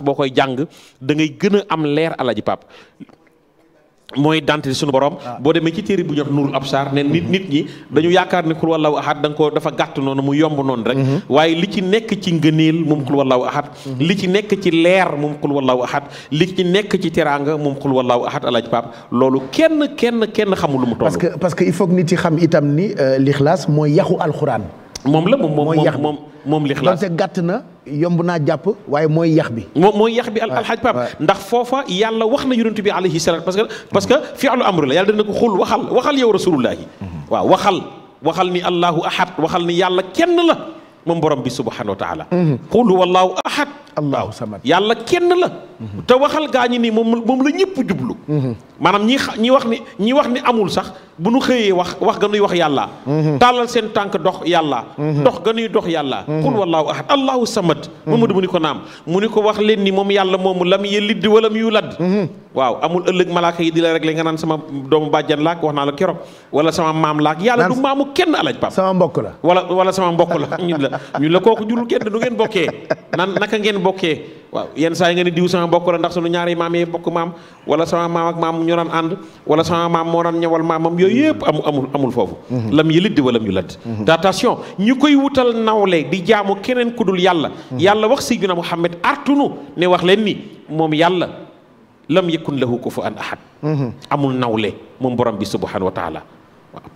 parce boo koy jàng dangay ngay gën a am leer alaji pap mooy dante suñu borom ah. boo demee ci téere bu ñor nurul absar ne nit nit ñi dañu yaakaar ne xul wallahu ahad da nga ko dafa gàtt noonu mu yomb noonu rek mhm. waaye li ci nekk ci ngëneel moom xul wallahu ahad mhm. li ci nekk ci leer moom xul wallahu ahad li ci nekk ci teraanga moom xul wallahu ahad alaaji pap loolu kenn kenn kenn xamul mu toll parce que parce que il faut que nit yi xam itam ni euh, l'ixlaas mooy yaxu alxuraan moom la moom moom moom moom lixlaas donte gàtt na yomb naa jàpp waaye mooy yax mooy yax bi alxaj ndax foofa yàlla wax na yonent bi alayhi salaam parce que parce que fi'lu amru la yàlla dana ko xul waxal waxal yow rasulullahi mhm. waaw waxal waxal ni allahu ahad waxal ni yàlla kenn la moom borom bi subhanahu wa taala mhm. qul huwa allahu ahad samad yàlla kenn la te waxal gaa ñi nii moom moom la ñëpp jublu. maanaam ñi xa wax ni ñi wax ni amul sax bu nu xëyee wax wax ga nuy wax yàlla. tàllal seen tànk dox yàlla. ndox ga nuy dox yàlla. qul wallaahu ahad allahu samad. Mamadu mu ni ko naam mu ni ko wax leen ni moom yàlla moomu lam yalid walam yulad. waaw amul ëllëg malaaka yi di la réglé nga naan sama doomu bàjjan laak wax naa la keroog wala sama maam laak yàlla du maamu kenn alaj pap sama mbokk la wala wala sama mbokk la ñun la la kooku jurul kenn du ngeen bokkee nan naka ngeen bokkee. waaw yenn saa yi nga ne diw sama bokk la ndax sunu ñaari maam yi bokk maam wala sama maam maam ñoo daan ànd wala sama maam moo daan ñëwal maamam yooyu yëpp amul amul foofu mhm. lam yi liddi wala mu yu ladd mhm. te ñu koy wutal nawle di jaamu keneen ku dul yàlla mhm. yàlla wax si juna Muhammad artunu ne wax leen ni moom yàlla lam yakun lahu kufuwan ahad amul nawle moom borom bi subhanahu wa taala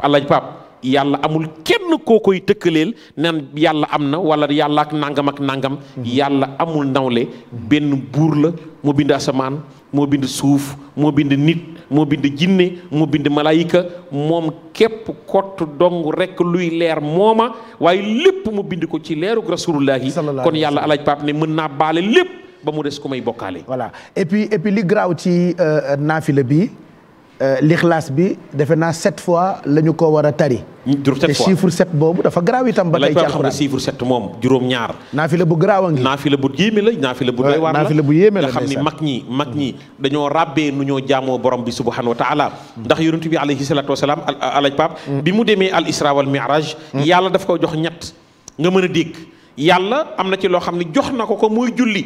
waaw yàlla amul kenn koo koy tëkkaleel nan yàlla am na wala yàlla ak nangam ak nangam. Mhm. yàlla amul nawle benn buur la moo bind asamaan moo bind suuf moo bind nit moo bind jinne moo bind malaayika moom képp kot dong rekk luy leer mooma waaye lépp mu bind ko ci leerug rasulullahi kon yàlla alaaj pap ne mën naa baale lépp ba mu des ku may bokkaale. voilà et li garaaw ci euh, naafila bi. Euh, lixlaas bi defe naa sept fois la ñu ko war a tari. Hmm, jur sept fois te chiffre sept boobu dafa garaaw itam. ba tey ci alxuraan chiffre sept moom juróom ñaar. naafila bu garaaw a ngi. naafila bu yéeme la naafila bu doy waar la naafila bu yéeme la nga xam ni mag ñi mag ñi hmm. dañoo ràbbee nu ñoo jaamoo borom bi subhanahu wa taala. Hmm. ndax yonent bi alayhi salaatu wasalaam alaj pap bi mu demee al isra wal miraj yàlla daf ko jox ñett nga mën a dégg yàlla am na ci loo xam ne jox na ko ko muy julli.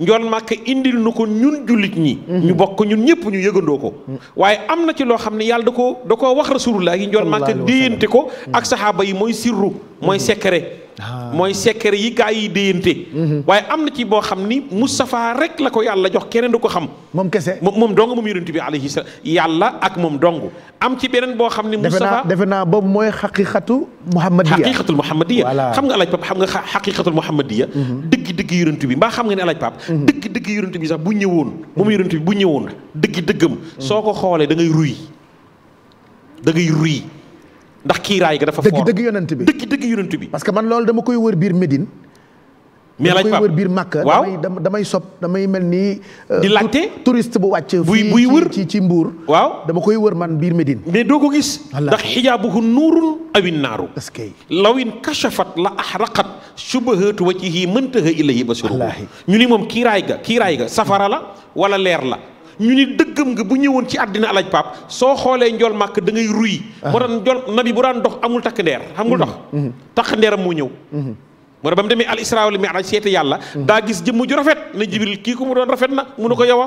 njool màkk indil nu ko ñun jullit ñi mhm. ñu bokk ñun ñëpp ñu yëgandoo ko mhm. waaye am na ci loo xam ne yàlla da ko da ko wax rasulullah yi njool màkk déyante ko ak saxaaba yi mooy sirru mooy mhm. secret Ah. mooy secret yi kaa yi déyante mhm. waaye am na ci boo xam ni Moustapha rek la ko yàlla jox keneen du ko xam moom kese moom dong moom yonent bi alayhi salaam yàlla ak moom dong am ci beneen boo xam ni Moustapha defe naa boobu mooy xaqiqatu muhammadiya xaqiqatul muhammadiya xam nga alaaj pap xam nga xaqiqatul muhammadiya mhm. dëgg dëgg yonent bi mbaa xam nga ne alaaj pap mhm. dëgg dëgg yonent bi sax bu ñëwoon moom yonent bi bu ñëwoon dëgg dëggam soo ko xoolee da ngay ruy da ruy ndax kiiraay ga dafa fort dëgg dëgg yonent bi dëgg dëgg yonent bi. parce que man loolu dama koy wër biir Médine. mais laaj koy biir Màkka. waaw damay damay sob damay mel ni. Euh, di laajte touriste bu wàcc. buy buy wër ci ci Mbour. waaw dama koy wër man biir Médine. mais doo ko gis. ndax xijaabuhu nuurun awin naaru. lawin la est-ce que lawin kashafat la ahraqat subahatu wajhihi mëntaha ilayhi basiru ñu ni moom kiiraay ga kiiraay ga safara la wala leer la. ñu ni dëggam nga bu ñëwoon ci àddina alaj pap soo xoolee njool màkk da ngay ruy ah. moo tax njool nabi bu daan dox amul takk ndeer xam nga dox mm-hmm. mm-hmm. ndeeram moo ñëw mm-hmm. moo tax ba mu demee al isra wal mi'raj seeti yàlla daa gis jëmm ju rafet na jibril kii ko mu doon rafet na mu ne ko yowa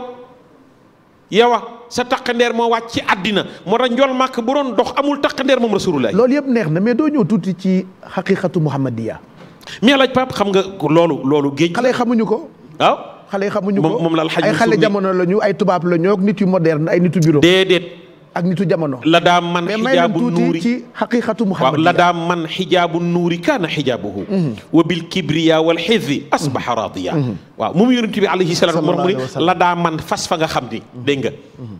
yowa sa takk ndeer moo wàcc ci àddina moo tax njool màkk bu doon dox amul takk ndeer moom rasulullah loolu yëpp neex na mais doo ñëw tuuti ci xaqiqatu muhammadiya mais alaj pap xam nga loolu loolu géej xale xamuñu ko waaw ah? xale yi xamuñu ko moom la ay xale jamono la ñu ay tubaab la ñoo nit yu moderne ay nitu bureau déedéet ak nitu jamono la daa man xijaabu nuuri ci xaqiqatu muhammad la daa man xijaabu nuuri mhm. wa bil kibriya wal xizzi asbaxa radiya mhm. waaw moom yonent bi alayhi salaatu wa mu ni daa man fas fa nga xam ni mhm. dégg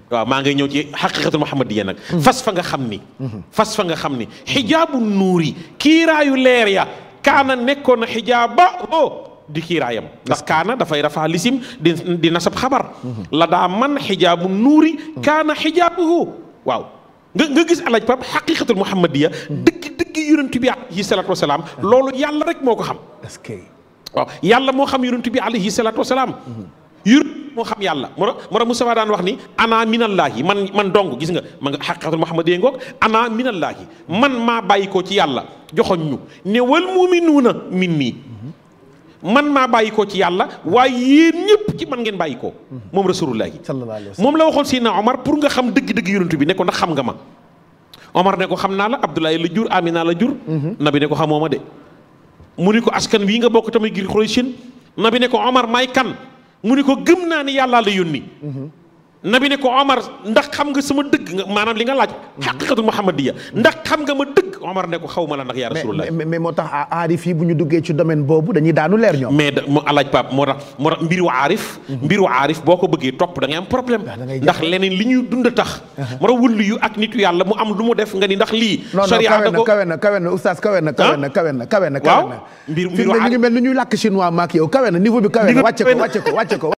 nga waaw maa ngay ñëw ci xaqiqatul muhammadiya nag fas fa nga xam ni fas fa nga xam ni xijaabu nuuri kiiraayu leer ya kaana nekkoon na xijaaba o oh, di kiiraayam ndax kaana dafay rafaa lisim di di nasab xabar la daa man xijaabu nuuri kaana xijaabuhu waaw nga nga gis alaaj pap xaqiqatul muhammadiya dëkk dëkk yonent bi alayhi salaatu wasalaam loolu yàlla rek moo ko xam waaw yàlla moo xam yonent bi alayhi salaatu wasalaam moo xam yàlla moo tax moo tax daan wax ni ana minallaahi man man dong gis nga ma nga xaqiqatul muhammad yee ngoog ana minallaahi man maa bàyyi ko ci yàlla joxoñ ñu ne wal muminuuna min nii man maa bàyyi ko ci yàlla waaye yéen ñëpp ci man ngeen bàyyi ko moom rasulullahi moom la waxoon Seydina Omar pour nga xam dëgg-dëgg yonent bi ne ko ndax xam nga ma Omar ne ko xam naa la Abdoulaye la jur Amina la jur mhm. nabi ne ko xamoo ma de mu ni ko askan wii nga bokk tamit gir Quraysh nabi ne ko Omar maay kan mu ni ko gëm naa ne yàllaa la yónni mhm. nabi ne ko Omar ndax xam nga sama dëgg maanaam li nga laaj. xaqiqatul muhammadiya ndax xam nga ma dëgg Omar ne ko xaw ma la ndax yaa rasulullah. mais mais moo tax aarif yi bu ñu duggee ci domaine boobu dañuy daanu leer ñoom. mais da mu alaaj Pape moo tax moo tax mbiru aarif. Mhm. boo ko bëggee topp da ngay am problème. Ah, ndax leneen li ñuy dund tax. Uh-huh. moo tax wëllu yu ak nitu yàlla mu am lu mu def nga ni ndax lii. sariya da ko non non kawe na kawe na ko